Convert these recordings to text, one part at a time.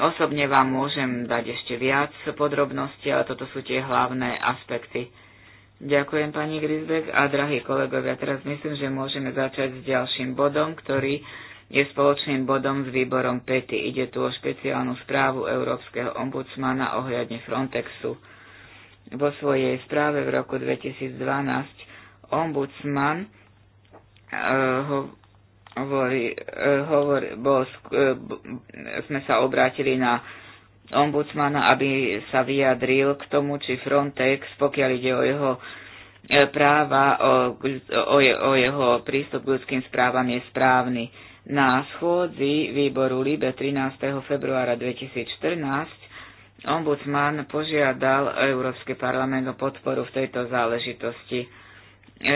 Osobne vám môžem dať ešte viac podrobností, ale toto sú tie hlavné aspekty. Ďakujem pani Grisbeck a drahí kolegovia, teraz myslím, že môžeme začať s ďalším bodom, ktorý je spoločným bodom s výborom PETI. Ide tu o špeciálnu správu Európskeho ombudsmana ohľadne Frontexu. Vo svojej správe v roku 2012 ombudsman e, ho hovorí, e, hovorí, bol, e, sme sa obrátili na ombudsmana, aby sa vyjadril k tomu, či Frontex, pokiaľ ide o jeho e, práva, o, o, o jeho prístup k ľudským správam je správny. Na schôdzi výboru LIBE 13. februára 2014 ombudsman požiadal Európsky parlament o podporu v tejto záležitosti. E,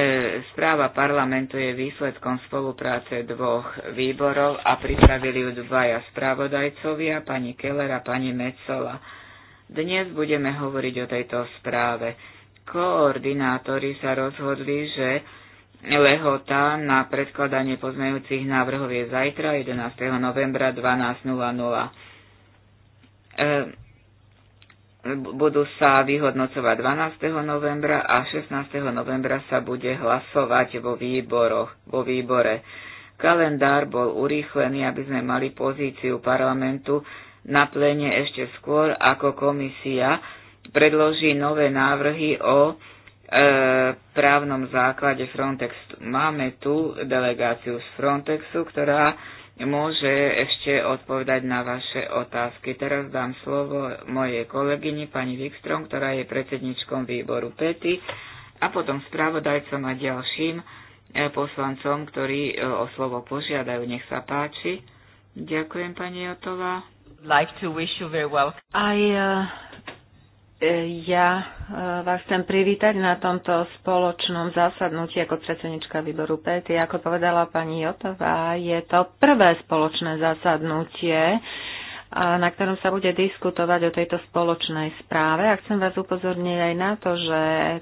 správa parlamentu je výsledkom spolupráce dvoch výborov a pripravili ju dvaja správodajcovia, pani Keller a pani Mecola. Dnes budeme hovoriť o tejto správe. Koordinátori sa rozhodli, že lehota na predkladanie pozmejúcich návrhov je zajtra 11. novembra 12.00 budú sa vyhodnocovať 12. novembra a 16. novembra sa bude hlasovať vo, výboroch, vo výbore. Kalendár bol urýchlený, aby sme mali pozíciu parlamentu na plene ešte skôr, ako komisia predloží nové návrhy o e, právnom základe Frontexu. Máme tu delegáciu z Frontexu, ktorá môže ešte odpovedať na vaše otázky. Teraz dám slovo mojej kolegyni pani Wikstrom, ktorá je predsedničkom výboru PETI a potom spravodajcom a ďalším e, poslancom, ktorí e, o slovo požiadajú. Nech sa páči. Ďakujem, pani Jotová. Like to wish you very well. I uh, E, ja e, vás chcem privítať na tomto spoločnom zasadnutí ako predsednička výboru PETI. Ako povedala pani Jotová, je to prvé spoločné zasadnutie, na ktorom sa bude diskutovať o tejto spoločnej správe. A chcem vás upozorniť aj na to, že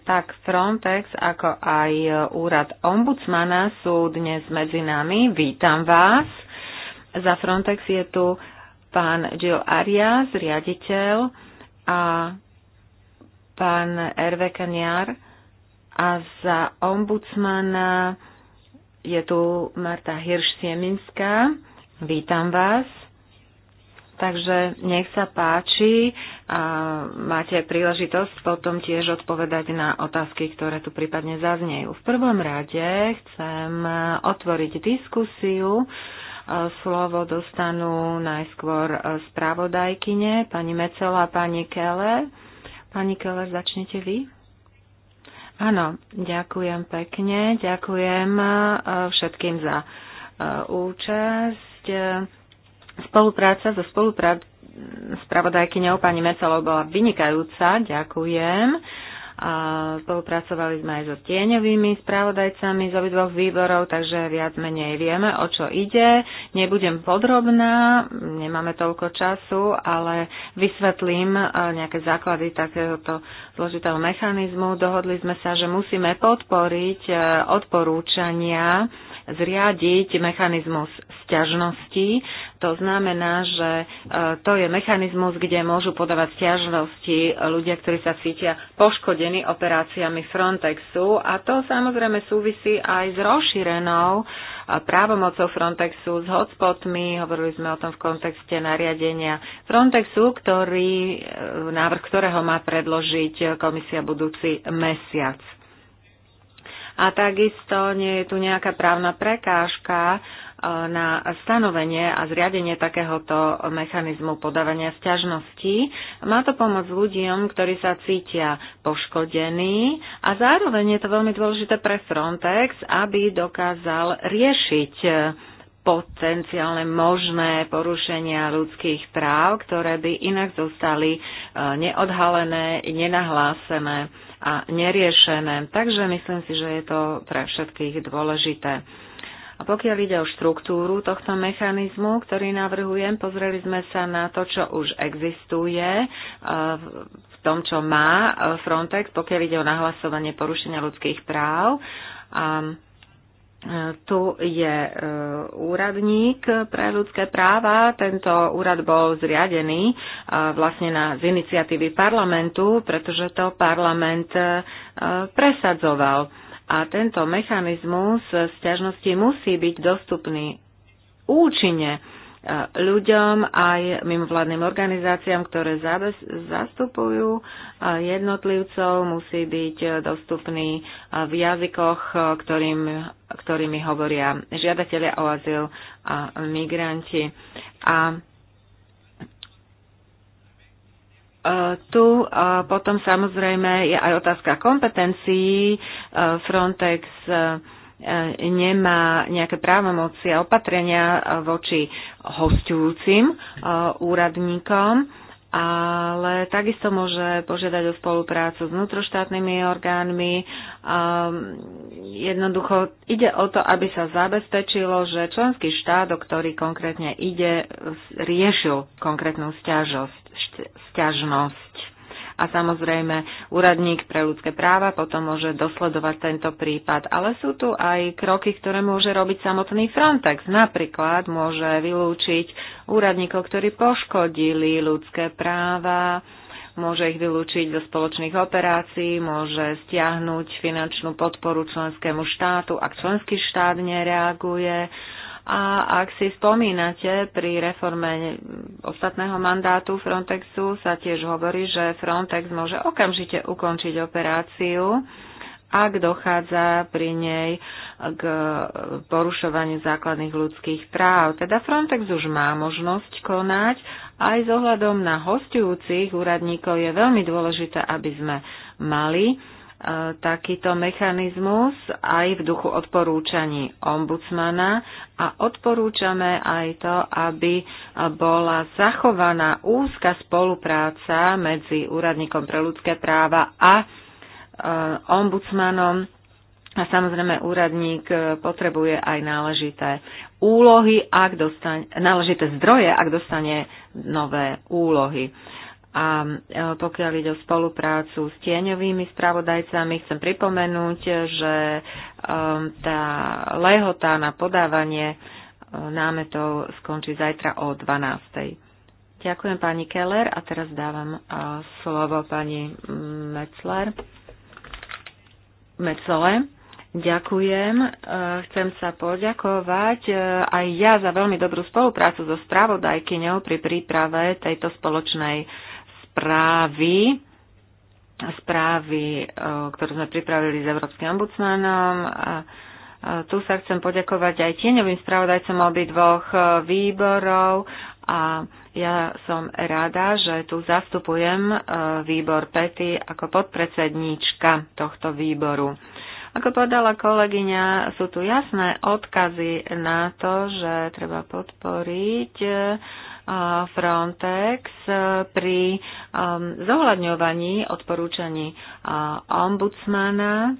tak Frontex, ako aj úrad ombudsmana sú dnes medzi nami. Vítam vás. Za Frontex je tu pán Gil Arias, riaditeľ a pán Erve Kaniar a za ombudsmana je tu Marta Hirš-Sieminská. Vítam vás. Takže nech sa páči a máte príležitosť potom tiež odpovedať na otázky, ktoré tu prípadne zaznejú. V prvom rade chcem otvoriť diskusiu. Slovo dostanú najskôr spravodajkyne, pani Mecela a pani Kele Pani Keller, začnete vy. Áno, ďakujem pekne. Ďakujem e, všetkým za e, účasť. E, spolupráca so spoluprácou spravodajkyňou pani Mecelou bola vynikajúca. Ďakujem. A spolupracovali sme aj so tieňovými spravodajcami z obidvoch výborov, takže viac menej vieme, o čo ide. Nebudem podrobná, nemáme toľko času, ale vysvetlím e, nejaké základy takéhoto zložitého mechanizmu. Dohodli sme sa, že musíme podporiť e, odporúčania zriadiť mechanizmus sťažnosti. To znamená, že e, to je mechanizmus, kde môžu podávať sťažnosti ľudia, ktorí sa cítia poškodení operáciami Frontexu a to samozrejme súvisí aj s rozšírenou e, právomocou Frontexu, s hotspotmi, hovorili sme o tom v kontexte nariadenia Frontexu, ktorý, e, návrh ktorého má predložiť komisia budúci mesiac a takisto nie je tu nejaká právna prekážka e, na stanovenie a zriadenie takéhoto mechanizmu podávania sťažností. Má to pomoc ľuďom, ktorí sa cítia poškodení a zároveň je to veľmi dôležité pre Frontex, aby dokázal riešiť potenciálne možné porušenia ľudských práv, ktoré by inak zostali e, neodhalené, nenahlásené a neriešené. Takže myslím si, že je to pre všetkých dôležité. A pokiaľ ide o štruktúru tohto mechanizmu, ktorý navrhujem, pozreli sme sa na to, čo už existuje e, v tom, čo má e, Frontex, pokiaľ ide o nahlasovanie porušenia ľudských práv. A tu je e, úradník pre ľudské práva. Tento úrad bol zriadený e, vlastne na, z iniciatívy parlamentu, pretože to parlament e, presadzoval. A tento mechanizmus sťažnosti musí byť dostupný účinne ľuďom, aj mimovládnym organizáciám, ktoré zastupujú jednotlivcov, musí byť e, dostupný e, v jazykoch, e, ktorým, ktorými hovoria žiadatelia o azyl a migranti. A tu potom samozrejme je aj otázka kompetencií. Frontex E, nemá nejaké právomoci a opatrenia voči hostujúcim e, úradníkom, ale takisto môže požiadať o spoluprácu s vnútroštátnymi orgánmi. E, jednoducho ide o to, aby sa zabezpečilo, že členský štát, o ktorý konkrétne ide, riešil konkrétnu sťažnosť. stiažnosť a samozrejme úradník pre ľudské práva potom môže dosledovať tento prípad. Ale sú tu aj kroky, ktoré môže robiť samotný Frontex. Napríklad môže vylúčiť úradníkov, ktorí poškodili ľudské práva, môže ich vylúčiť zo spoločných operácií, môže stiahnuť finančnú podporu členskému štátu, ak členský štát nereaguje a ak si spomínate, pri reforme ostatného mandátu Frontexu sa tiež hovorí, že Frontex môže okamžite ukončiť operáciu, ak dochádza pri nej k porušovaniu základných ľudských práv. Teda Frontex už má možnosť konať. Aj s ohľadom na hostujúcich úradníkov je veľmi dôležité, aby sme mali takýto mechanizmus aj v duchu odporúčaní ombudsmana a odporúčame aj to, aby bola zachovaná úzka spolupráca medzi úradníkom pre ľudské práva a e, ombudsmanom. A samozrejme úradník e, potrebuje aj náležité úlohy, ak dostane, náležité zdroje, ak dostane nové úlohy. A e, pokiaľ ide o spoluprácu s tieňovými spravodajcami, chcem pripomenúť, že e, tá lehota na podávanie e, námetov skončí zajtra o 12. Ďakujem pani Keller a teraz dávam slovo pani mm, Metzler. Metzole. Ďakujem. Chcem sa poďakovať aj ja za veľmi dobrú spoluprácu so spravodajkyňou pri príprave tejto spoločnej správy, správy, e, ktorú sme pripravili s Európskym ombudsmanom. A tu sa chcem poďakovať aj tieňovým spravodajcom dvoch e, výborov a ja som rada, že tu zastupujem e, výbor Pety ako podpredsedníčka tohto výboru. Ako povedala kolegyňa, sú tu jasné odkazy na to, že treba podporiť Frontex e, pri um, zohľadňovaní odporúčaní e, ombudsmana e,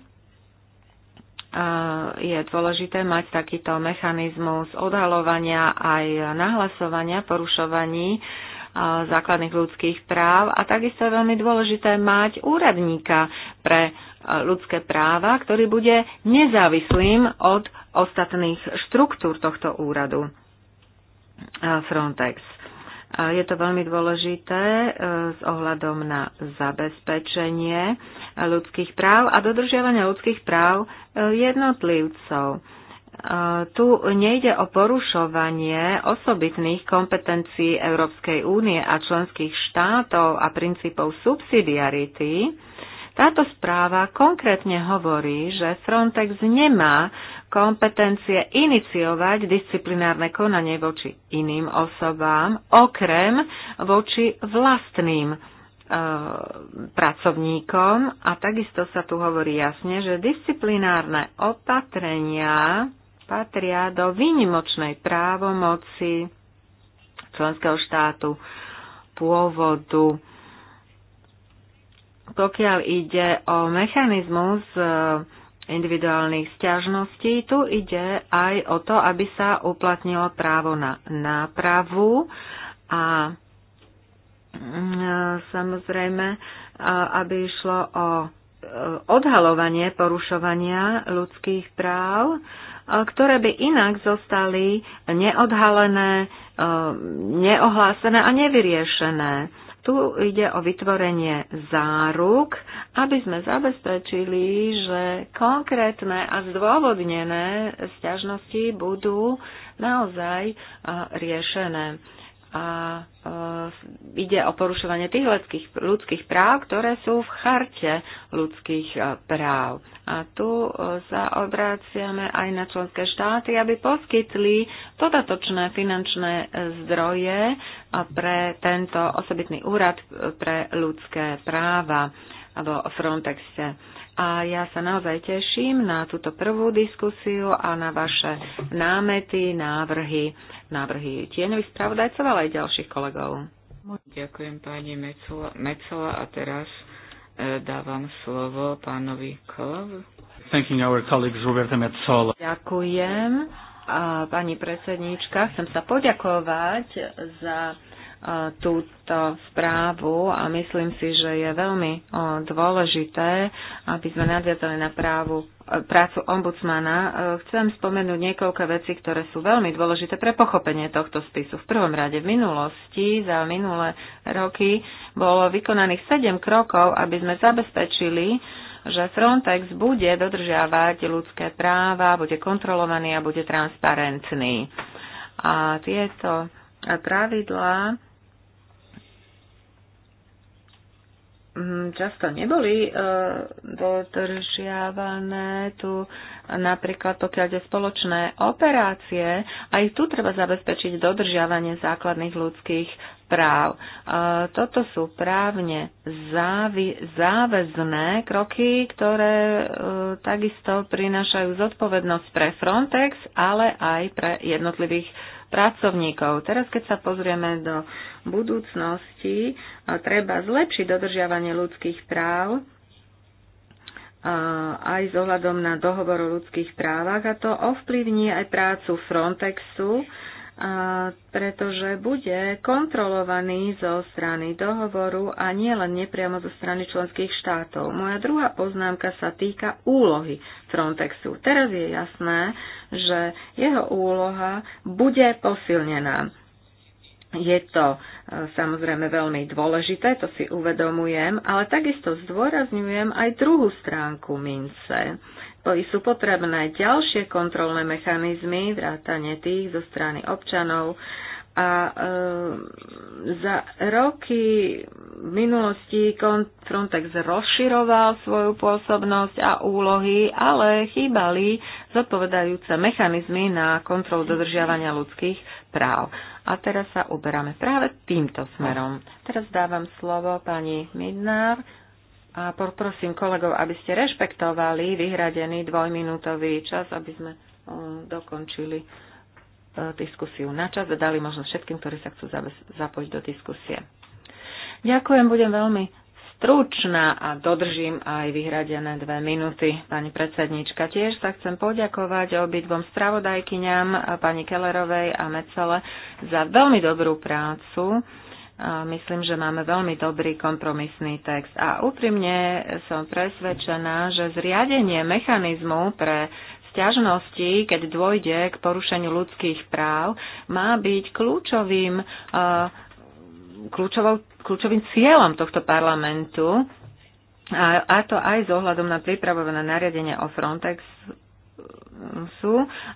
je dôležité mať takýto mechanizmus odhalovania aj nahlasovania porušovaní základných ľudských práv a takisto je veľmi dôležité mať úradníka pre ľudské práva, ktorý bude nezávislým od ostatných štruktúr tohto úradu. Frontex. Je to veľmi dôležité e, s ohľadom na zabezpečenie ľudských práv a dodržiavanie ľudských práv e, jednotlivcov. E, tu nejde o porušovanie osobitných kompetencií Európskej únie a členských štátov a princípov subsidiarity, táto správa konkrétne hovorí, že Frontex nemá kompetencie iniciovať disciplinárne konanie voči iným osobám, okrem voči vlastným e, pracovníkom a takisto sa tu hovorí jasne, že disciplinárne opatrenia patria do výnimočnej právomoci členského štátu pôvodu pokiaľ ide o mechanizmus e, individuálnych stiažností, tu ide aj o to, aby sa uplatnilo právo na nápravu a mm, e, samozrejme, e, aby išlo o odhalovanie porušovania ľudských práv, ktoré by inak zostali neodhalené, neohlásené a nevyriešené. Tu ide o vytvorenie záruk, aby sme zabezpečili, že konkrétne a zdôvodnené sťažnosti budú naozaj eh, riešené a e, ide o porušovanie tých ľudských, ľudských práv, ktoré sú v charte ľudských e, práv. A tu e, sa obráciame aj na členské štáty, aby poskytli dodatočné finančné zdroje pre tento osobitný úrad pre ľudské práva alebo o Frontexe a ja sa naozaj teším na túto prvú diskusiu a na vaše námety, návrhy, návrhy tieňových spravodajcov, ale aj ďalších kolegov. Ďakujem pani Mecola, Mecola a teraz e, dávam slovo pánovi Kolovu. Ďakujem. A pani predsedníčka, chcem sa poďakovať za túto správu a myslím si, že je veľmi dôležité, aby sme nadviazali na právu, e, prácu ombudsmana. E, chcem spomenúť niekoľko vecí, ktoré sú veľmi dôležité pre pochopenie tohto spisu. V prvom rade v minulosti, za minulé roky, bolo vykonaných 7 krokov, aby sme zabezpečili, že Frontex bude dodržiavať ľudské práva, bude kontrolovaný a bude transparentný. A tieto pravidlá Mm, často neboli e, dodržiavané. Tu napríklad pokiaľ je spoločné operácie, aj tu treba zabezpečiť dodržiavanie základných ľudských práv. E, toto sú právne závi, záväzné kroky, ktoré e, takisto prinášajú zodpovednosť pre Frontex, ale aj pre jednotlivých pracovníkov. Teraz, keď sa pozrieme do budúcnosti, e, treba zlepšiť dodržiavanie ľudských práv e, aj s ohľadom na dohovor o ľudských právach a to ovplyvní aj prácu Frontexu pretože bude kontrolovaný zo strany dohovoru a nielen nepriamo zo strany členských štátov. Moja druhá poznámka sa týka úlohy Frontexu. Teraz je jasné, že jeho úloha bude posilnená. Je to e, samozrejme veľmi dôležité, to si uvedomujem, ale takisto zdôrazňujem aj druhú stránku mince sú potrebné ďalšie kontrolné mechanizmy, vrátane tých zo strany občanov. A e, za roky v minulosti Frontex rozširoval svoju pôsobnosť a úlohy, ale chýbali zodpovedajúce mechanizmy na kontrolu dodržiavania ľudských práv. A teraz sa uberáme práve týmto smerom. Teraz dávam slovo pani Midnár a poprosím kolegov, aby ste rešpektovali vyhradený dvojminútový čas, aby sme dokončili e, diskusiu na čas a dali možnosť všetkým, ktorí sa chcú zapojiť do diskusie. Ďakujem, budem veľmi stručná a dodržím aj vyhradené dve minúty. Pani predsednička, tiež sa chcem poďakovať obidvom spravodajkyňam, pani Kellerovej a Mecele, za veľmi dobrú prácu Myslím, že máme veľmi dobrý kompromisný text. A úprimne som presvedčená, že zriadenie mechanizmu pre sťažnosti, keď dôjde k porušeniu ľudských práv, má byť kľúčovým, kľúčovou, kľúčovým cieľom tohto parlamentu, a to aj s ohľadom na pripravované nariadenie o Frontex, sú.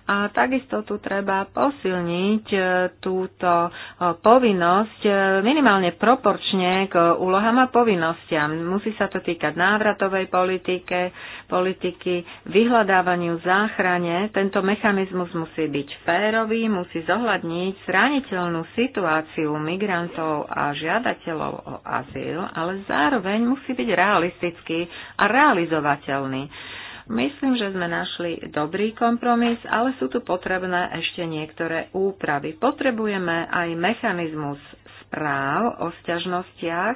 A takisto tu treba posilniť e, túto e, povinnosť e, minimálne proporčne k úlohám a povinnostiam. Musí sa to týkať návratovej politike, politiky, vyhľadávaniu záchrane. Tento mechanizmus musí byť férový, musí zohľadniť zraniteľnú situáciu migrantov a žiadateľov o azyl, ale zároveň musí byť realistický a realizovateľný Myslím, že sme našli dobrý kompromis, ale sú tu potrebné ešte niektoré úpravy. Potrebujeme aj mechanizmus správ o sťažnostiach,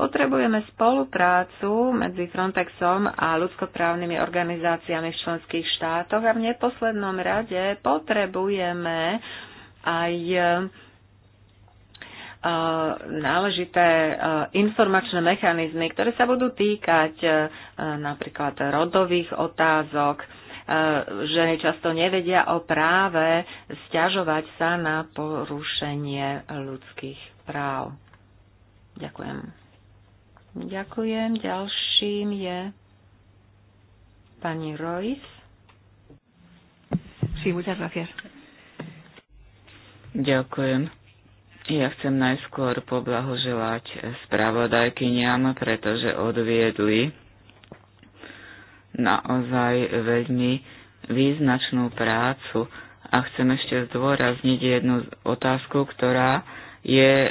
potrebujeme spoluprácu medzi Frontexom a ľudskoprávnymi organizáciami v členských štátoch a v neposlednom rade potrebujeme aj Eh, náležité eh, informačné mechanizmy, ktoré sa budú týkať eh, napríklad rodových otázok. Ženy často nevedia o práve stiažovať sa na porušenie ľudských práv. Ďakujem. Ďakujem. Ďalším je pani Rojs. Sí, muchas gracias. Ďakujem. Ja chcem najskôr poblahoželať spravodajkyniam, pretože odviedli naozaj veľmi význačnú prácu a chcem ešte zdôrazniť jednu otázku, ktorá je e,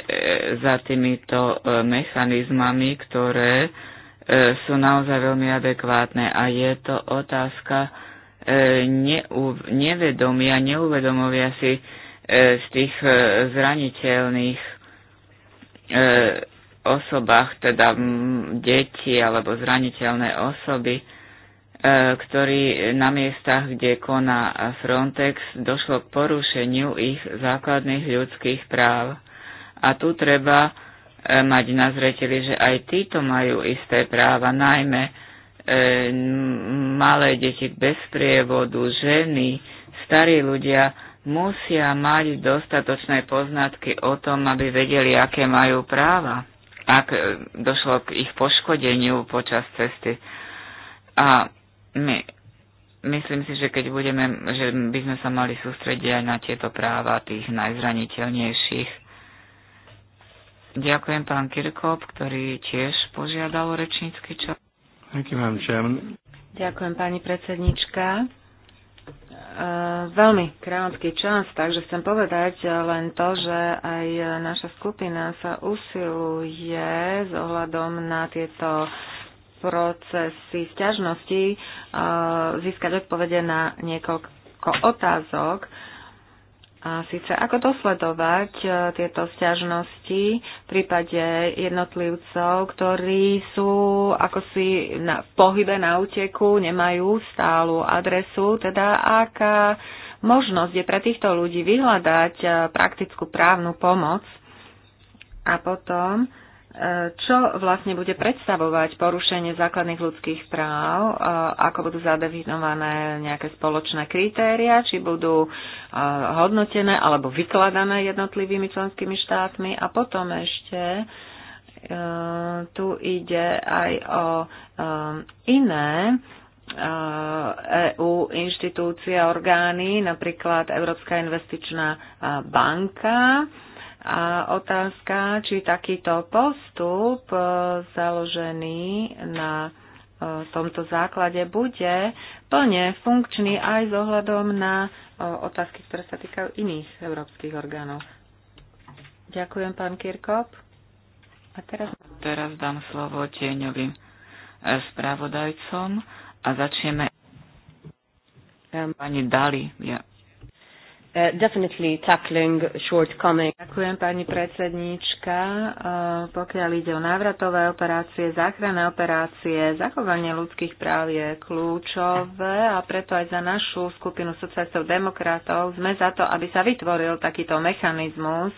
za týmito e, mechanizmami, ktoré e, sú naozaj veľmi adekvátne a je to otázka neuvedomia, neuvedomovia si, E, z tých e, zraniteľných e, osobách, teda deti alebo zraniteľné osoby, ktorí na miestach, kde koná Frontex, došlo k porušeniu ich základných ľudských práv. A tu treba mať na zreteli, že aj títo majú isté práva, najmä malé deti bez prievodu, ženy, starí ľudia, musia mať dostatočné poznatky o tom, aby vedeli, aké majú práva, ak e, došlo k ich poškodeniu počas cesty. A my, myslím si, že keď budeme, že by sme sa mali sústrediť aj na tieto práva tých najzraniteľnejších. Ďakujem pán Kirkop, ktorý tiež požiadal o rečnícky čas. Ďakujem, Ďakujem pani predsednička. Eh, veľmi krátky čas, takže chcem povedať len to, že aj naša skupina sa usiluje s ohľadom na tieto procesy sťažnosti eh, získať odpovede na niekoľko otázok. A síce ako dosledovať e, tieto stiažnosti v prípade jednotlivcov, ktorí sú ako si na, v pohybe na úteku, nemajú stálu adresu, teda aká možnosť je pre týchto ľudí vyhľadať e, praktickú právnu pomoc a potom čo vlastne bude predstavovať porušenie základných ľudských práv, ako budú zadefinované nejaké spoločné kritéria, či budú hodnotené alebo vykladané jednotlivými členskými štátmi. A potom ešte e, tu ide aj o e, iné EU e inštitúcie a orgány, napríklad Európska investičná banka, a otázka, či takýto postup e, založený na e, tomto základe bude plne funkčný aj s ohľadom na e, otázky, ktoré sa týkajú iných európskych orgánov. Ďakujem, pán Kirkop. A teraz... teraz dám slovo tieňovým spravodajcom a začneme pani Dali. Ja Uh, Ďakujem pani predsednička. Uh, pokiaľ ide o návratové operácie, záchranné operácie, zachovanie ľudských práv je kľúčové a preto aj za našu skupinu sociálistov demokratov sme za to, aby sa vytvoril takýto mechanizmus,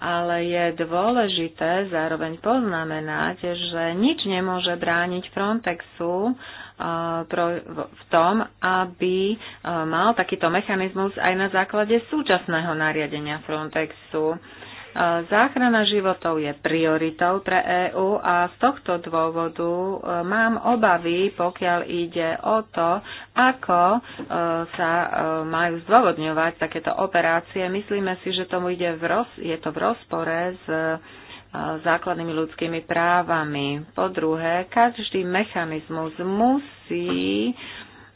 ale je dôležité zároveň poznamenať, že nič nemôže brániť Frontexu, v tom, aby mal takýto mechanizmus aj na základe súčasného nariadenia Frontexu. Záchrana životov je prioritou pre EÚ a z tohto dôvodu e, mám obavy, pokiaľ ide o to, ako e, sa e, majú zdôvodňovať takéto operácie. Myslíme si, že tomu ide v roz, je to v rozpore s základnými ľudskými právami. Po druhé, každý mechanizmus musí,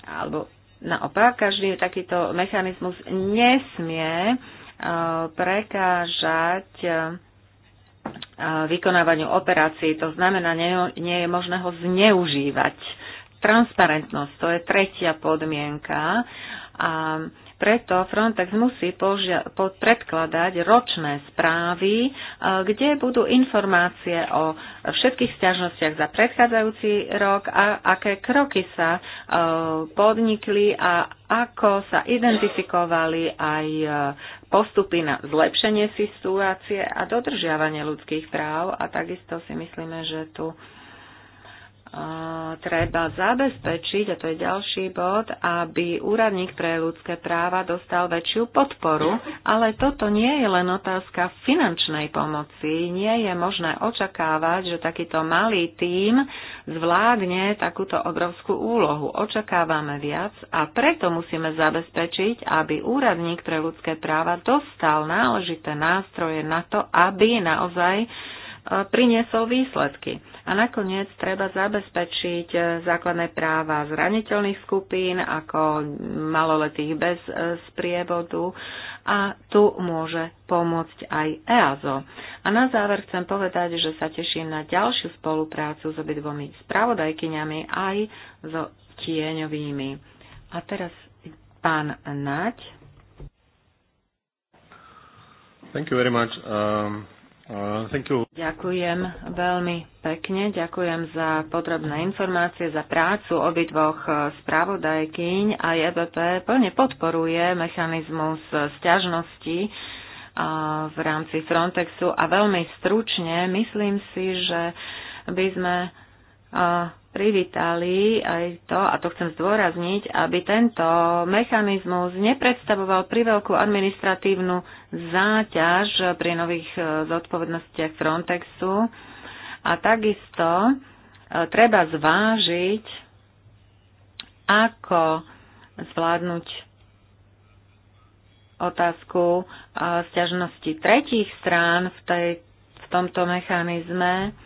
alebo naopak, každý takýto mechanizmus nesmie e, prekážať e, vykonávaniu operácií. To znamená, nie je možné ho zneužívať. Transparentnosť, to je tretia podmienka. A preto Frontex musí požia- predkladať ročné správy, e, kde budú informácie o všetkých stiažnostiach za predchádzajúci rok a aké kroky sa e, podnikli a ako sa identifikovali aj e, postupy na zlepšenie situácie a dodržiavanie ľudských práv. A takisto si myslíme, že tu treba zabezpečiť, a to je ďalší bod, aby úradník pre ľudské práva dostal väčšiu podporu, ale toto nie je len otázka finančnej pomoci. Nie je možné očakávať, že takýto malý tím zvládne takúto obrovskú úlohu. Očakávame viac a preto musíme zabezpečiť, aby úradník pre ľudské práva dostal náležité nástroje na to, aby naozaj e, priniesol výsledky. A nakoniec treba zabezpečiť eh, základné práva zraniteľných skupín, ako maloletých bez eh, sprievodu a tu môže pomôcť aj EASO. A na záver chcem povedať, že sa teším na ďalšiu spoluprácu s obidvomi spravodajkyňami aj so tieňovými. A teraz pán Naď. Thank you very much. Um... Uh, ďakujem veľmi pekne, ďakujem za podrobné informácie, za prácu obidvoch uh, spravodajkyň a EBP plne podporuje mechanizmus uh, sťažnosti v rámci Frontexu a veľmi stručne myslím si, že by sme privítali aj to, a to chcem zdôrazniť, aby tento mechanizmus nepredstavoval priveľkú administratívnu záťaž pri nových e, zodpovednostiach Frontexu a takisto e, treba zvážiť, ako zvládnuť otázku e, sťažnosti tretích strán v, tej, v tomto mechanizme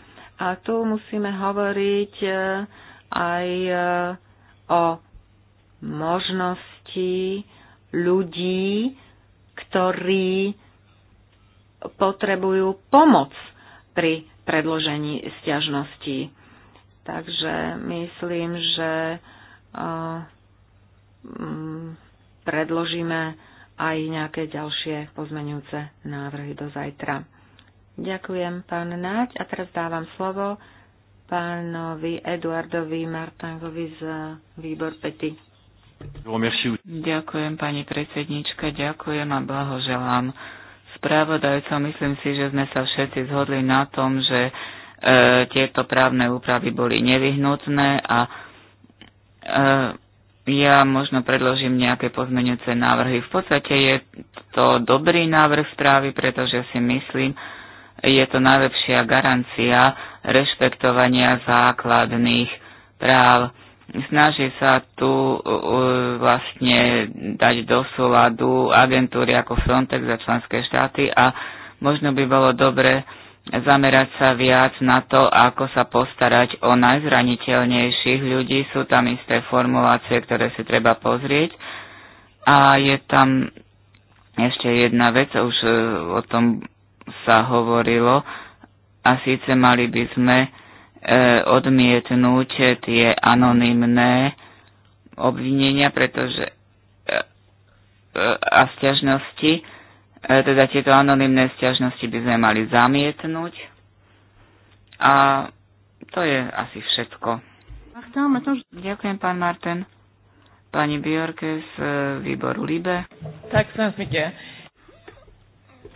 a tu musíme hovoriť e, aj e, o možnosti ľudí, ktorí potrebujú pomoc pri predložení stiažnosti. Takže myslím, že e, predložíme aj nejaké ďalšie pozmenujúce návrhy do zajtra. Ďakujem, pán Náď. A teraz dávam slovo pánovi Eduardovi Martangovi z výbor Pety. Ďakujem, pani predsednička, ďakujem a blahoželám spravodajcom. Myslím si, že sme sa všetci zhodli na tom, že e, tieto právne úpravy boli nevyhnutné a e, ja možno predložím nejaké pozmeňujúce návrhy. V podstate je to dobrý návrh správy, pretože si myslím, je to najlepšia garancia rešpektovania základných práv. Snaží sa tu uh, vlastne dať do súladu agentúry ako Frontex za členské štáty a možno by bolo dobre zamerať sa viac na to, ako sa postarať o najzraniteľnejších ľudí. Sú tam isté formulácie, ktoré si treba pozrieť. A je tam ešte jedna vec, už e, o tom sa hovorilo a síce mali by sme e, odmietnúť tie anonymné obvinenia, pretože e, e, a sťažnosti, e, teda tieto anonymné sťažnosti by sme mali zamietnúť. A to je asi všetko. Ďakujem, pán Martin. Pani Bjorkes, e, výboru Libe. Tak som smite.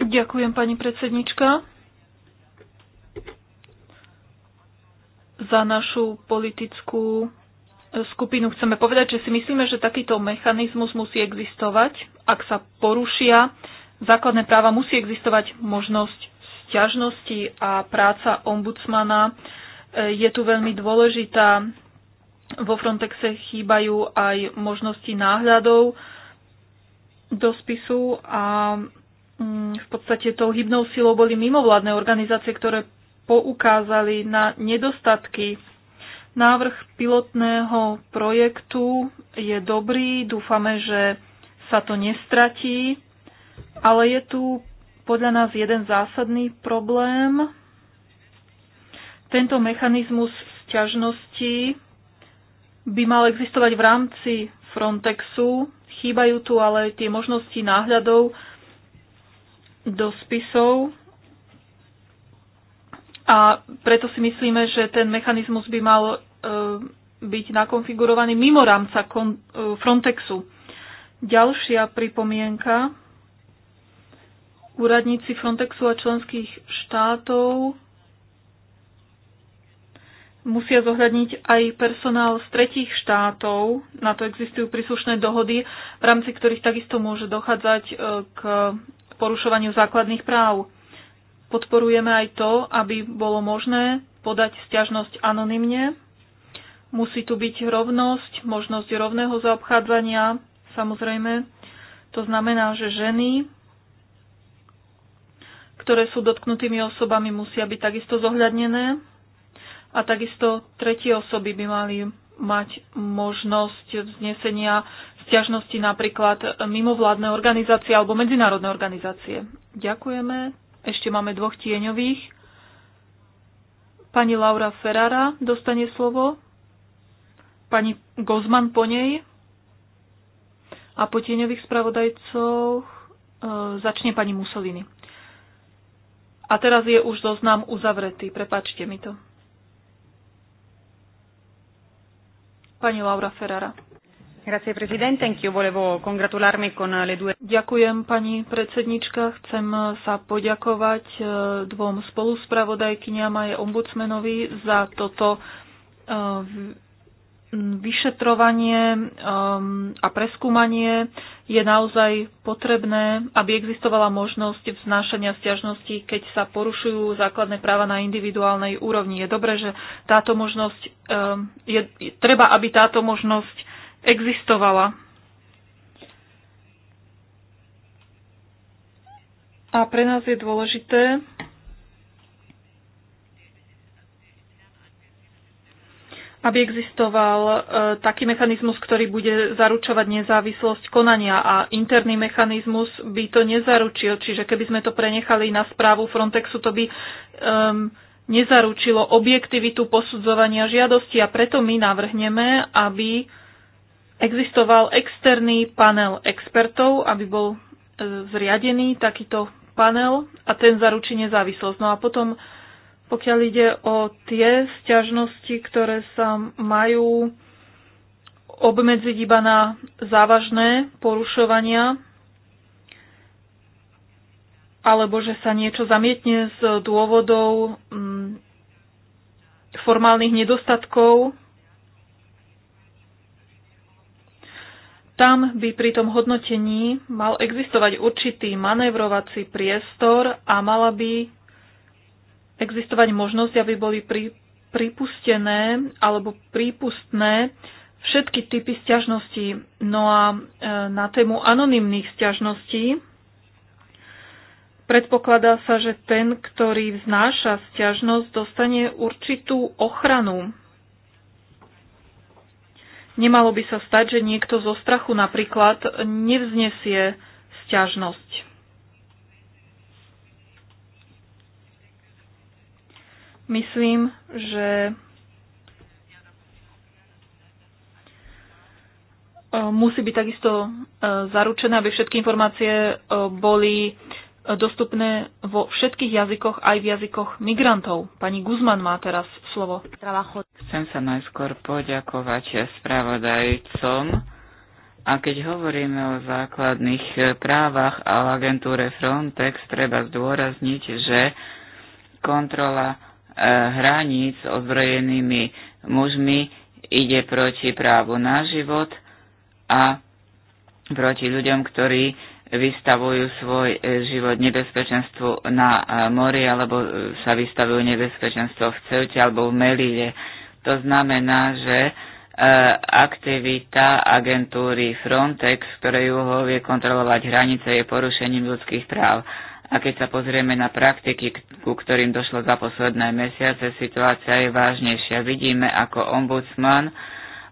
Ďakujem, pani predsednička. Za našu politickú skupinu chceme povedať, že si myslíme, že takýto mechanizmus musí existovať. Ak sa porušia základné práva, musí existovať možnosť sťažnosti a práca ombudsmana eh, je tu veľmi dôležitá. Vo Frontexe chýbajú aj možnosti náhľadov do spisu a Mm, v podstate tou hybnou silou boli mimovládne organizácie, ktoré poukázali na nedostatky. Návrh pilotného projektu je dobrý, dúfame, že sa to nestratí, ale je tu podľa nás jeden zásadný problém. Tento mechanizmus sťažnosti by mal existovať v rámci Frontexu. Chýbajú tu ale tie možnosti náhľadov, do spisov a preto si myslíme, že ten mechanizmus by mal e, byť nakonfigurovaný mimo rámca e, Frontexu. Ďalšia pripomienka. Úradníci Frontexu a členských štátov musia zohľadniť aj personál z tretích štátov. Na to existujú príslušné dohody, v rámci ktorých takisto môže dochádzať e, k porušovaniu základných práv. Podporujeme aj to, aby bolo možné podať stiažnosť anonymne. Musí tu byť rovnosť, možnosť rovného zaobchádzania, samozrejme. To znamená, že ženy, ktoré sú dotknutými osobami, musia byť takisto zohľadnené a takisto tretie osoby by mali mať možnosť vznesenia stiažnosti napríklad mimovládne organizácie alebo medzinárodné organizácie. Ďakujeme. Ešte máme dvoch tieňových. Pani Laura Ferrara dostane slovo, pani Gozman po nej a po tieňových spravodajcoch e, začne pani musoviny. A teraz je už zoznam uzavretý, prepačte mi to. Pani Laura Ferrara. Ďakujem pani predsednička, chcem sa poďakovať eh, dvom spoluspravodajkyniam aj ombudsmenovi za toto eh, vyšetrovanie eh, a preskúmanie je naozaj potrebné, aby existovala možnosť vznášania stiažností, keď sa porušujú základné práva na individuálnej úrovni. Je dobré, že táto možnosť, je, treba, aby táto možnosť existovala. A pre nás je dôležité, aby existoval e, taký mechanizmus, ktorý bude zaručovať nezávislosť konania a interný mechanizmus by to nezaručil. Čiže keby sme to prenechali na správu Frontexu, to by e, nezaručilo objektivitu posudzovania žiadosti a preto my navrhneme, aby existoval externý panel expertov, aby bol e, zriadený takýto panel a ten zaručí nezávislosť. No a potom, pokiaľ ide o tie stiažnosti, ktoré sa majú obmedziť iba na závažné porušovania, alebo že sa niečo zamietne z dôvodov mm, formálnych nedostatkov tam by pri tom hodnotení mal existovať určitý manévrovací priestor a mala by existovať možnosť, aby boli pri, pripustené alebo prípustné všetky typy sťažností. No a e, na tému anonymných sťažností predpokladá sa, že ten, ktorý vznáša sťažnosť, dostane určitú ochranu Nemalo by sa stať, že niekto zo strachu napríklad nevznesie sťažnosť. Myslím, že e, musí byť takisto e, zaručené, aby všetky informácie e, boli dostupné vo všetkých jazykoch, aj v jazykoch migrantov. Pani Guzman má teraz slovo. Chcem sa najskôr poďakovať spravodajcom. A keď hovoríme o základných právach a o agentúre Frontex, treba zdôrazniť, že kontrola e, hraníc ozbrojenými mužmi ide proti právu na život a proti ľuďom, ktorí vystavujú svoj e, život nebezpečenstvu na e, mori alebo e, sa vystavujú nebezpečenstvo v Ceute alebo v Melile. To znamená, že aktivita agentúry Frontex, ktoré úlohou je kontrolovať hranice, je porušením ľudských práv. A keď sa pozrieme na praktiky, ku ktorým došlo za posledné mesiace, situácia je vážnejšia. Vidíme, ako ombudsman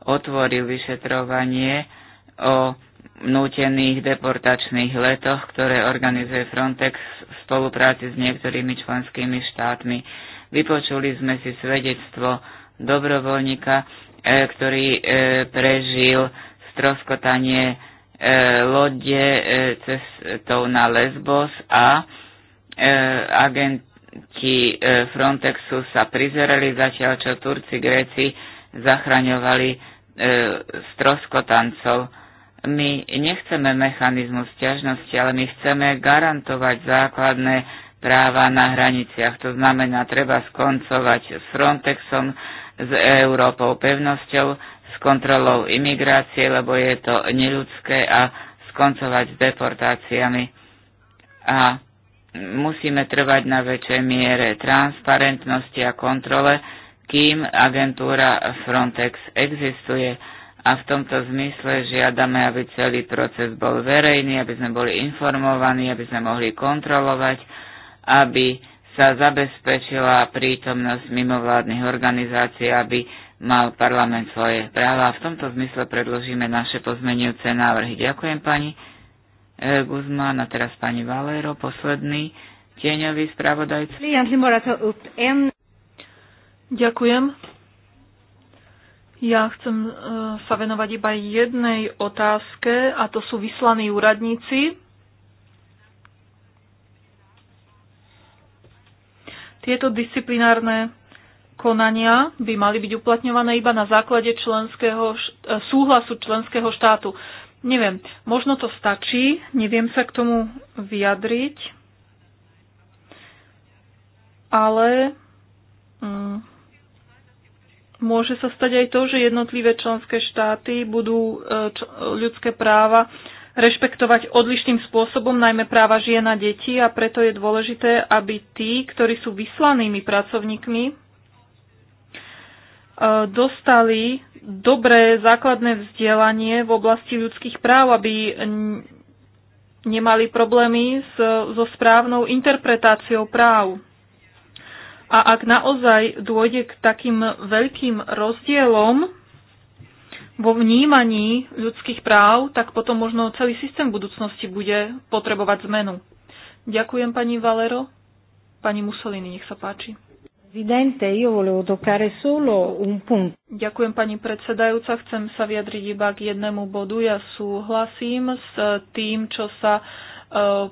otvoril vyšetrovanie o nútených deportačných letoch, ktoré organizuje Frontex v spolupráci s niektorými členskými štátmi. Vypočuli sme si svedectvo dobrovoľníka, e, ktorý e, prežil stroskotanie e, lode cestou na Lesbos a agenti Frontexu sa prizerali, zatiaľ čo Turci, Gréci zachraňovali stroskotancov. My nechceme mechanizmus ťažnosti, ale my chceme garantovať základné práva na hraniciach. To znamená, treba skoncovať s Frontexom, s Európou pevnosťou, s kontrolou imigrácie, lebo je to neľudské a skoncovať s deportáciami. A musíme trvať na väčšej miere transparentnosti a kontrole, kým agentúra Frontex existuje a v tomto zmysle žiadame, aby celý proces bol verejný, aby sme boli informovaní, aby sme mohli kontrolovať, aby sa zabezpečila prítomnosť mimovládnych organizácií, aby mal parlament svoje práva. A v tomto zmysle predložíme naše pozmenujúce návrhy. Ďakujem pani e, Guzman a teraz pani Valero, posledný tieňový spravodajca. Ďakujem. Ja chcem e, sa venovať iba jednej otázke a to sú vyslaní úradníci. Tieto disciplinárne konania by mali byť uplatňované iba na základe členského, e, súhlasu členského štátu. Neviem, možno to stačí, neviem sa k tomu vyjadriť, ale mm, môže sa stať aj to, že jednotlivé členské štáty budú e, ľudské práva rešpektovať odlišným spôsobom, najmä práva žien a detí a preto je dôležité, aby tí, ktorí sú vyslanými pracovníkmi, e, dostali dobré základné vzdelanie v oblasti ľudských práv, aby nemali problémy so správnou interpretáciou práv. A ak naozaj dôjde k takým veľkým rozdielom vo vnímaní ľudských práv, tak potom možno celý systém budúcnosti bude potrebovať zmenu. Ďakujem pani Valero. Pani Mussolini, nech sa páči. Ďakujem pani predsedajúca. Chcem sa vyjadriť iba k jednému bodu. Ja súhlasím s tým, čo sa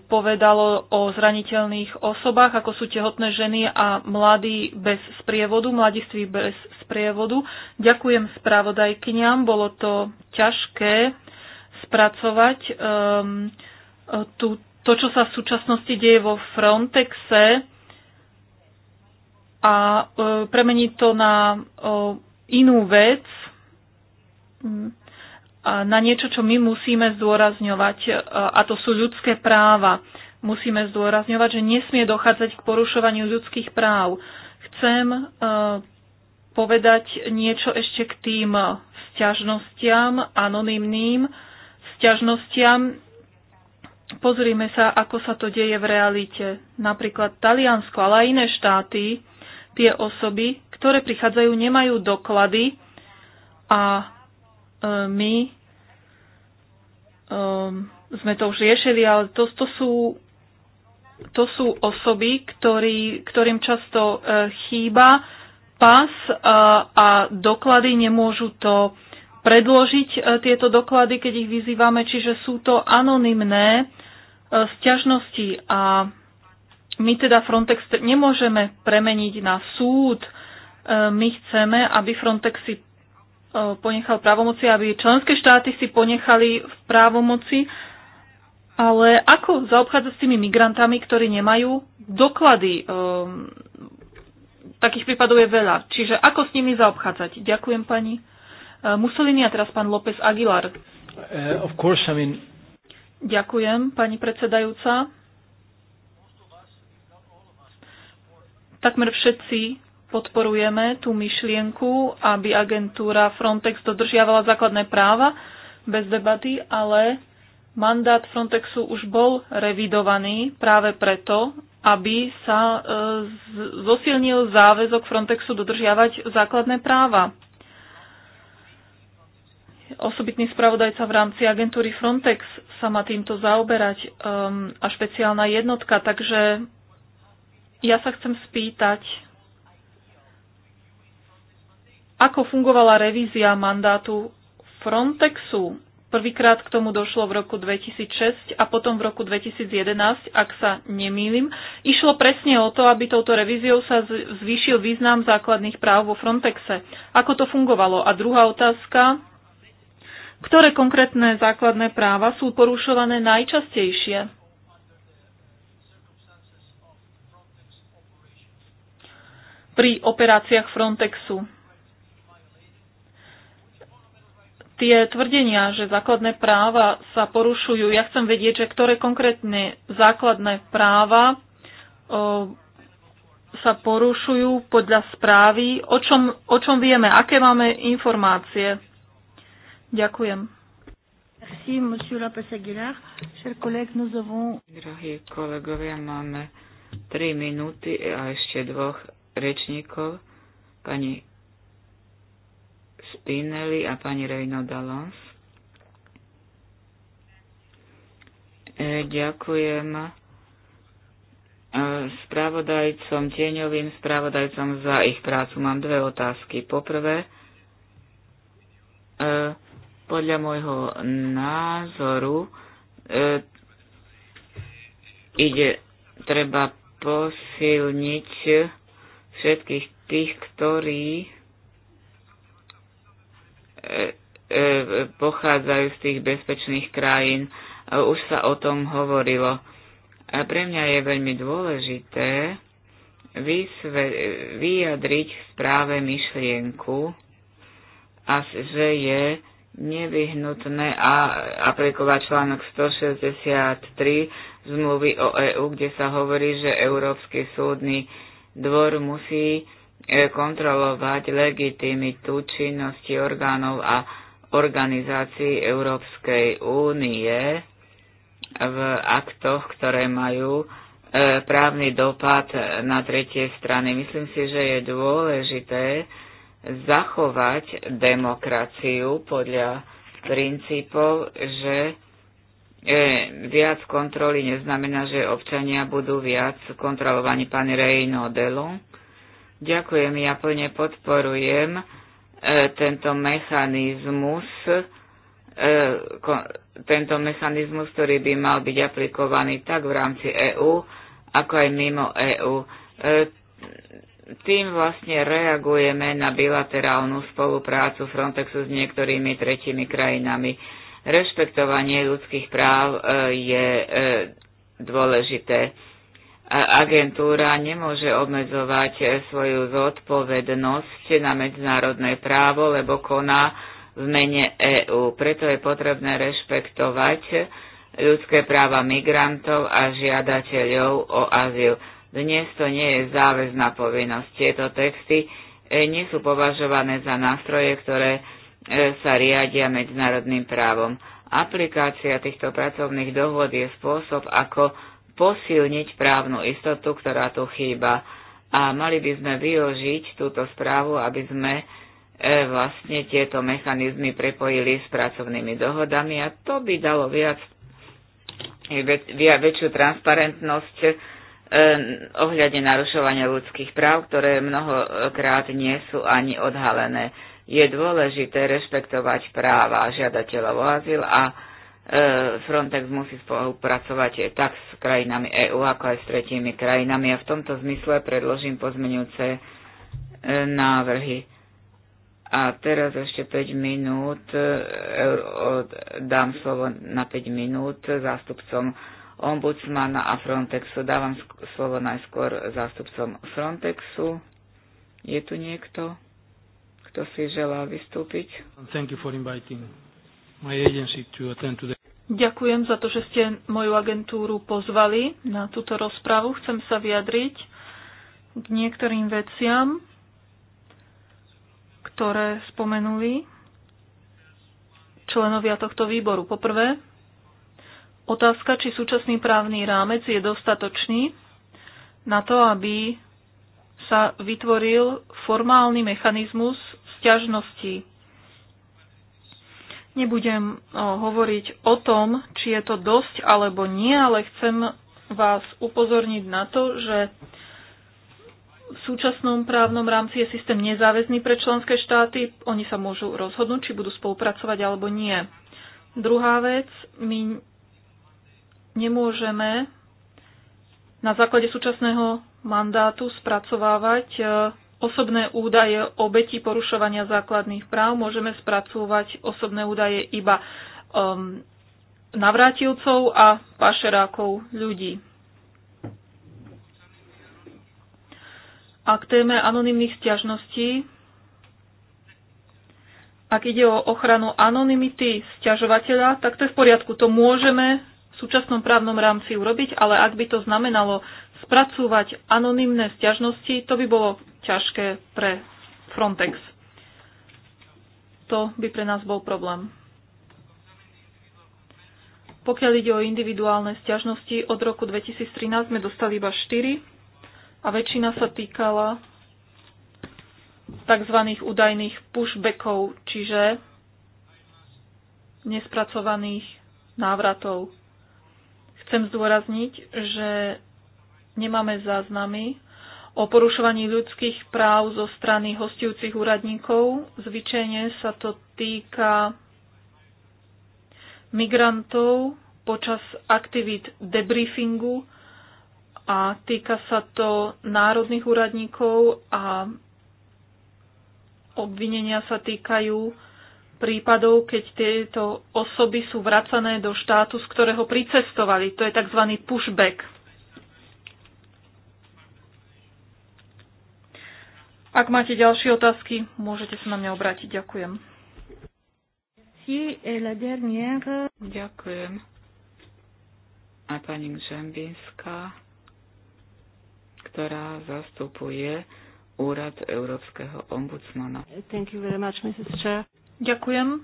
povedalo o zraniteľných osobách, ako sú tehotné ženy a mladí bez sprievodu, mladiství bez sprievodu. Ďakujem spravodajkyňam, bolo to ťažké spracovať um, ehm, tú, to, čo sa v súčasnosti deje vo Frontexe a uh, e, premeniť to na uh, inú vec. Mm na niečo, čo my musíme zdôrazňovať, e, a to sú ľudské práva. Musíme zdôrazňovať, že nesmie dochádzať k porušovaniu ľudských práv. Chcem e, povedať niečo ešte k tým sťažnostiam, anonymným sťažnostiam. Pozrime sa, ako sa to deje v realite. Napríklad Taliansko, ale aj iné štáty, tie osoby, ktoré prichádzajú, nemajú doklady a E, my um, sme to už riešili, ale to, to, sú, to sú osoby, ktorý, ktorým často uh, chýba pas uh, a doklady, nemôžu to predložiť uh, tieto doklady, keď ich vyzývame, čiže sú to anonymné uh, sťažnosti a my teda Frontex nemôžeme premeniť na súd, my chceme, aby Frontex si ponechal právomoci, aby členské štáty si ponechali v právomoci, ale ako zaobchádzať s tými migrantami, ktorí nemajú doklady? Ehm, takých prípadov je veľa. Čiže ako s nimi zaobchádzať? Ďakujem pani. E, Mussolini a teraz pán López Aguilar. Uh, of course, I mean... Ďakujem, pani predsedajúca. Takmer všetci podporujeme tú myšlienku, aby agentúra Frontex dodržiavala základné práva bez debaty, ale mandát Frontexu už bol revidovaný práve preto, aby sa e, zosilnil záväzok Frontexu dodržiavať základné práva. Osobitný spravodajca v rámci agentúry Frontex sa má týmto zaoberať um, a špeciálna jednotka, takže ja sa chcem spýtať, ako fungovala revízia mandátu Frontexu? Prvýkrát k tomu došlo v roku 2006 a potom v roku 2011, ak sa nemýlim. Išlo presne o to, aby touto revíziou sa zvýšil význam základných práv vo Frontexe. Ako to fungovalo? A druhá otázka. Ktoré konkrétne základné práva sú porušované najčastejšie? pri operáciách Frontexu. tie tvrdenia, že základné práva sa porušujú, ja chcem vedieť, že ktoré konkrétne základné práva o, sa porušujú podľa správy, o čom, o čom vieme, aké máme informácie. Ďakujem. Merci, monsieur López Aguilar. Cher collègue, nous avons... Drahí kolegovia, máme tri minúty a ešte dvoch rečníkov. Pani Spinelli a pani Reino Dalons. E, ďakujem e, spravodajcom, tieňovým spravodajcom za ich prácu. Mám dve otázky. Poprvé, e, podľa môjho názoru ide, treba posilniť všetkých tých, ktorí E, e, pochádzajú z tých bezpečných krajín. Už sa o tom hovorilo. A pre mňa je veľmi dôležité vyjadriť v správe myšlienku, a že je nevyhnutné a aplikovať článok 163 zmluvy o EÚ, kde sa hovorí, že Európsky súdny dvor musí E, kontrolovať legitimitu činnosti orgánov a organizácií Európskej únie v aktoch, ktoré majú e, právny dopad na tretie strany. Myslím si, že je dôležité zachovať demokraciu podľa princípov, že e, viac kontroly neznamená, že občania budú viac kontrolovaní. pani Reino Delon Ďakujem, ja plne podporujem e, tento mechanizmus, e, ko, tento mechanizmus, ktorý by mal byť aplikovaný tak v rámci EÚ, ako aj mimo EÚ. E, tým vlastne reagujeme na bilaterálnu spoluprácu Frontexu s niektorými tretimi krajinami. Rešpektovanie ľudských práv e, je e, dôležité agentúra nemôže obmedzovať eh, svoju zodpovednosť na medzinárodné právo, lebo koná v mene EÚ. Preto je potrebné rešpektovať eh, ľudské práva migrantov a žiadateľov o azyl. Dnes to nie je záväzná povinnosť. Tieto texty eh, nie sú považované za nástroje, ktoré sa riadia medzinárodným právom. Aplikácia týchto pracovných dohod je spôsob, ako posilniť právnu istotu, ktorá tu chýba. A mali by sme využiť túto správu, aby sme e, vlastne tieto mechanizmy prepojili s pracovnými dohodami a to by dalo viac, väčšiu transparentnosť e, ohľade narušovania ľudských práv, ktoré mnohokrát nie sú ani odhalené. Je dôležité rešpektovať práva žiadateľov o azyl a E, Frontex musí spolupracovať tak s krajinami EÚ, ako aj s tretími krajinami a v tomto zmysle predložím pozmeňujúce e, návrhy. A teraz ešte 5 minút, e, dám slovo na 5 minút zástupcom ombudsmana a Frontexu. Dávam slovo najskôr zástupcom Frontexu. Je tu niekto, kto si želá vystúpiť? Thank you for inviting my agency to attend Ďakujem za to, že ste moju agentúru pozvali na túto rozpravu. Chcem sa vyjadriť k niektorým veciam, ktoré spomenuli členovia tohto výboru. Poprvé, otázka, či súčasný právny rámec je dostatočný na to, aby sa vytvoril formálny mechanizmus sťažnosti Nebudem eh, hovoriť o tom, či je to dosť alebo nie, ale chcem vás upozorniť na to, že v súčasnom právnom rámci je systém nezáväzný pre členské štáty. Oni sa môžu rozhodnúť, či budú spolupracovať alebo nie. Druhá vec, my nemôžeme na základe súčasného mandátu spracovávať eh, osobné údaje obeti porušovania základných práv. Môžeme spracúvať osobné údaje iba um, navrátilcov a pašerákov ľudí. A k téme anonimných stiažností. Ak ide o ochranu anonymity stiažovateľa, tak to je v poriadku. To môžeme v súčasnom právnom rámci urobiť, ale ak by to znamenalo spracúvať anonimné stiažnosti, to by bolo ťažké pre Frontex. To by pre nás bol problém. Pokiaľ ide o individuálne stiažnosti, od roku 2013 sme dostali iba 4 a väčšina sa týkala tzv. údajných pushbackov, čiže nespracovaných návratov. Chcem zdôrazniť, že nemáme záznamy o porušovaní ľudských práv zo strany hostujúcich úradníkov. Zvyčajne sa to týka migrantov počas aktivít debriefingu a týka sa to národných úradníkov a obvinenia sa týkajú prípadov, keď tieto osoby sú vracané do štátu, z ktorého pricestovali. To je tzv. pushback. Ak máte ďalšie otázky, môžete sa na mňa obrátiť. Ďakujem. Ďakujem. A pani Žambinská, ktorá zastupuje Úrad Európskeho ombudsmana. Thank you very much, Mrs. Chair. Ďakujem.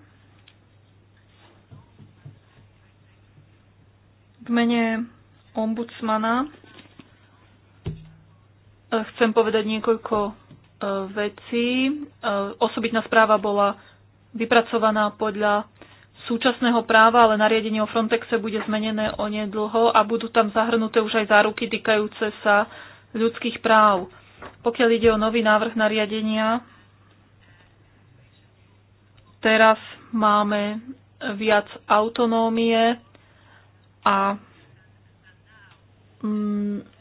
V mene ombudsmana chcem povedať niekoľko veci. E, osobitná správa bola vypracovaná podľa súčasného práva, ale nariadenie o Frontexe bude zmenené o nedlho a budú tam zahrnuté už aj záruky týkajúce sa ľudských práv. Pokiaľ ide o nový návrh nariadenia, teraz máme viac autonómie a mm,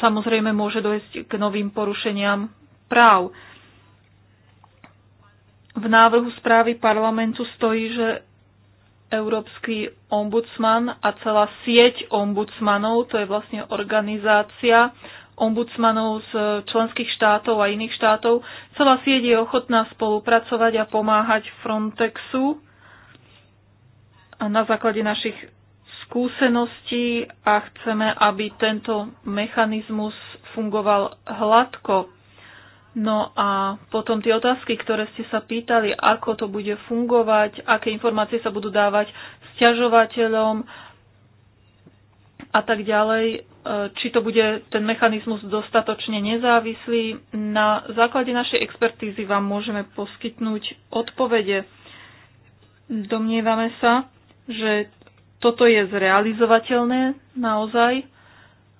samozrejme môže dojsť k novým porušeniam práv. V návrhu správy parlamentu stojí, že Európsky ombudsman a celá sieť ombudsmanov, to je vlastne organizácia ombudsmanov z členských štátov a iných štátov, celá sieť je ochotná spolupracovať a pomáhať Frontexu na základe našich skúsenosti a chceme, aby tento mechanizmus fungoval hladko. No a potom tie otázky, ktoré ste sa pýtali, ako to bude fungovať, aké informácie sa budú dávať sťažovateľom a tak ďalej, e, či to bude ten mechanizmus dostatočne nezávislý. Na základe našej expertízy vám môžeme poskytnúť odpovede. Domnievame sa, že toto je zrealizovateľné naozaj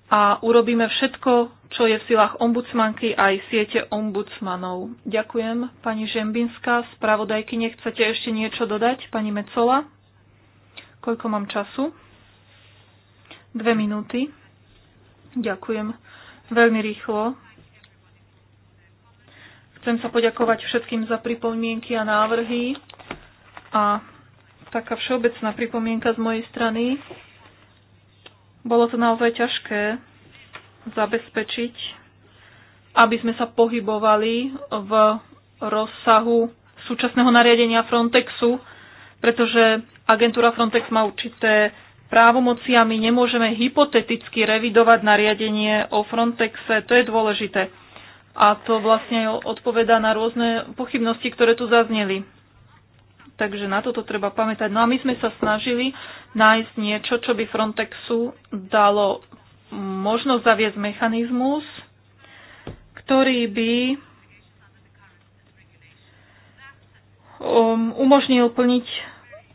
a urobíme všetko, čo je v silách ombudsmanky aj siete ombudsmanov. Ďakujem, pani Žembinská. Spravodajky, nechcete ešte niečo dodať? Pani Mecola? Koľko mám času? Dve minúty. Ďakujem. Veľmi rýchlo. Chcem sa poďakovať všetkým za pripomienky a návrhy a taká všeobecná pripomienka z mojej strany. Bolo to naozaj ťažké zabezpečiť, aby sme sa pohybovali v rozsahu súčasného nariadenia Frontexu, pretože agentúra Frontex má určité právomoci a my nemôžeme hypoteticky revidovať nariadenie o Frontexe. To je dôležité. A to vlastne odpovedá na rôzne pochybnosti, ktoré tu zazneli takže na toto treba pamätať. No a my sme sa snažili nájsť niečo, čo by Frontexu dalo možnosť zaviesť mechanizmus, ktorý by um, umožnil plniť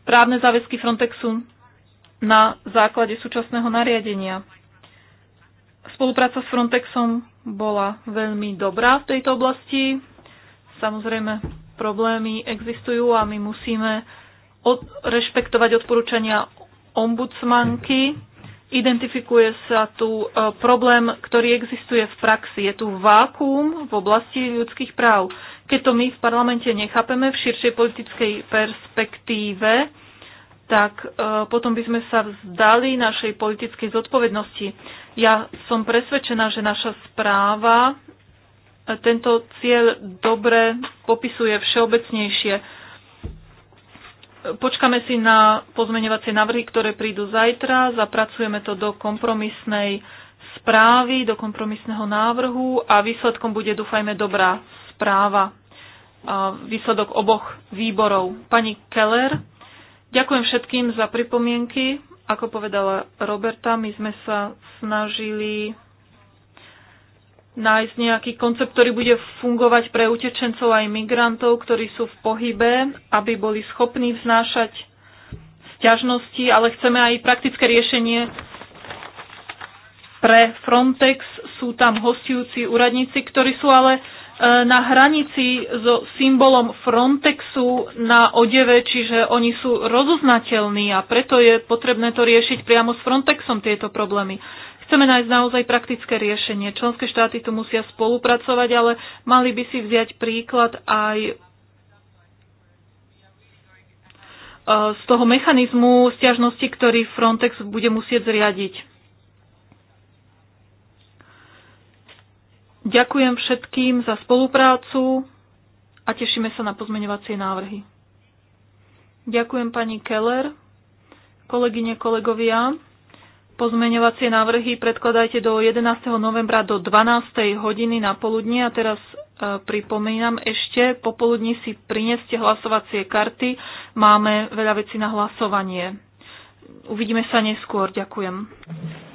právne záväzky Frontexu na základe súčasného nariadenia. Spolupráca s Frontexom bola veľmi dobrá v tejto oblasti. Samozrejme, problémy existujú a my musíme od, rešpektovať odporúčania ombudsmanky. Identifikuje sa tu e, problém, ktorý existuje v praxi. Je tu vákuum v oblasti ľudských práv. Keď to my v parlamente nechápeme v širšej politickej perspektíve, tak e, potom by sme sa vzdali našej politickej zodpovednosti. Ja som presvedčená, že naša správa tento cieľ dobre popisuje všeobecnejšie. Počkame si na pozmeňovacie návrhy, ktoré prídu zajtra, zapracujeme to do kompromisnej správy, do kompromisného návrhu a výsledkom bude, dúfajme, dobrá správa. A výsledok oboch výborov. Pani Keller, ďakujem všetkým za pripomienky. Ako povedala Roberta, my sme sa snažili nájsť nejaký koncept, ktorý bude fungovať pre utečencov aj migrantov, ktorí sú v pohybe, aby boli schopní vznášať sťažnosti, ale chceme aj praktické riešenie pre Frontex. Sú tam hostujúci úradníci, ktorí sú ale e, na hranici so symbolom Frontexu na odeve, čiže oni sú rozoznateľní a preto je potrebné to riešiť priamo s Frontexom tieto problémy. Chceme nájsť naozaj praktické riešenie. Členské štáty tu musia spolupracovať, ale mali by si vziať príklad aj e, z toho mechanizmu stiažnosti, ktorý Frontex bude musieť zriadiť. Ďakujem všetkým za spoluprácu a tešíme sa na pozmeňovacie návrhy. Ďakujem pani Keller, kolegyne, kolegovia. Pozmeňovacie návrhy predkladajte do 11. novembra do 12. hodiny na poludne. A teraz e, pripomínam ešte, popoludní si prineste hlasovacie karty. Máme veľa vecí na hlasovanie. Uvidíme sa neskôr. Ďakujem.